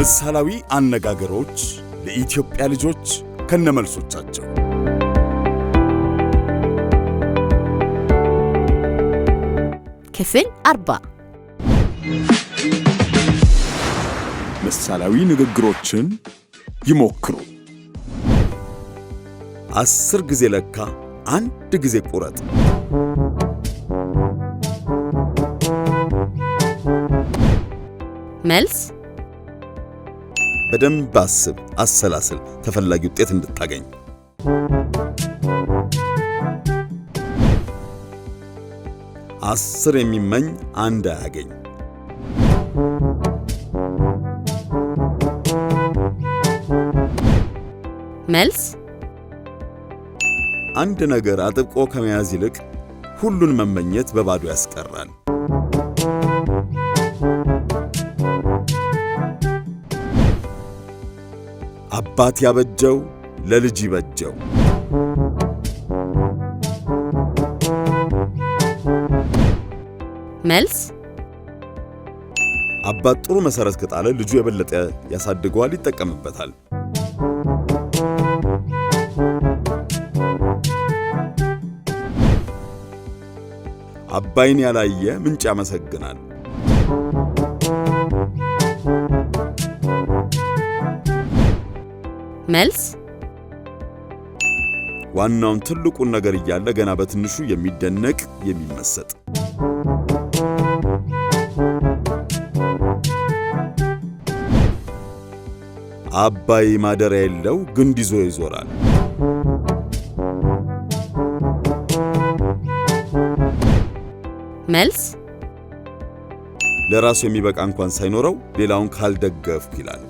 ምሳሌያዊ አነጋገሮች ለኢትዮጵያ ልጆች ከነመልሶቻቸው ክፍል አርባ ምሳሌያዊ ንግግሮችን ይሞክሩ። አስር ጊዜ ለካ፣ አንድ ጊዜ ቁረጥ። መልስ በደንብ አስብ፣ አሰላስል፣ ተፈላጊ ውጤት እንድታገኝ። አስር የሚመኝ አንድ አያገኝ። መልስ አንድ ነገር አጥብቆ ከመያዝ ይልቅ ሁሉን መመኘት በባዶ ያስቀራል። አባት ያበጀው ለልጅ ይበጀው። መልስ አባት ጥሩ መሰረት ከጣለ ልጁ የበለጠ ያሳድገዋል፣ ይጠቀምበታል። አባይን ያላየ ምንጭ ያመሰግናል። መልስ ዋናውን ትልቁን ነገር እያለ ገና በትንሹ የሚደነቅ የሚመሰጥ አባይ ማደሪያ የለው ግንድ ይዞ ይዞራል። መልስ ለራሱ የሚበቃ እንኳን ሳይኖረው ሌላውን ካልደገፍኩ ይላል።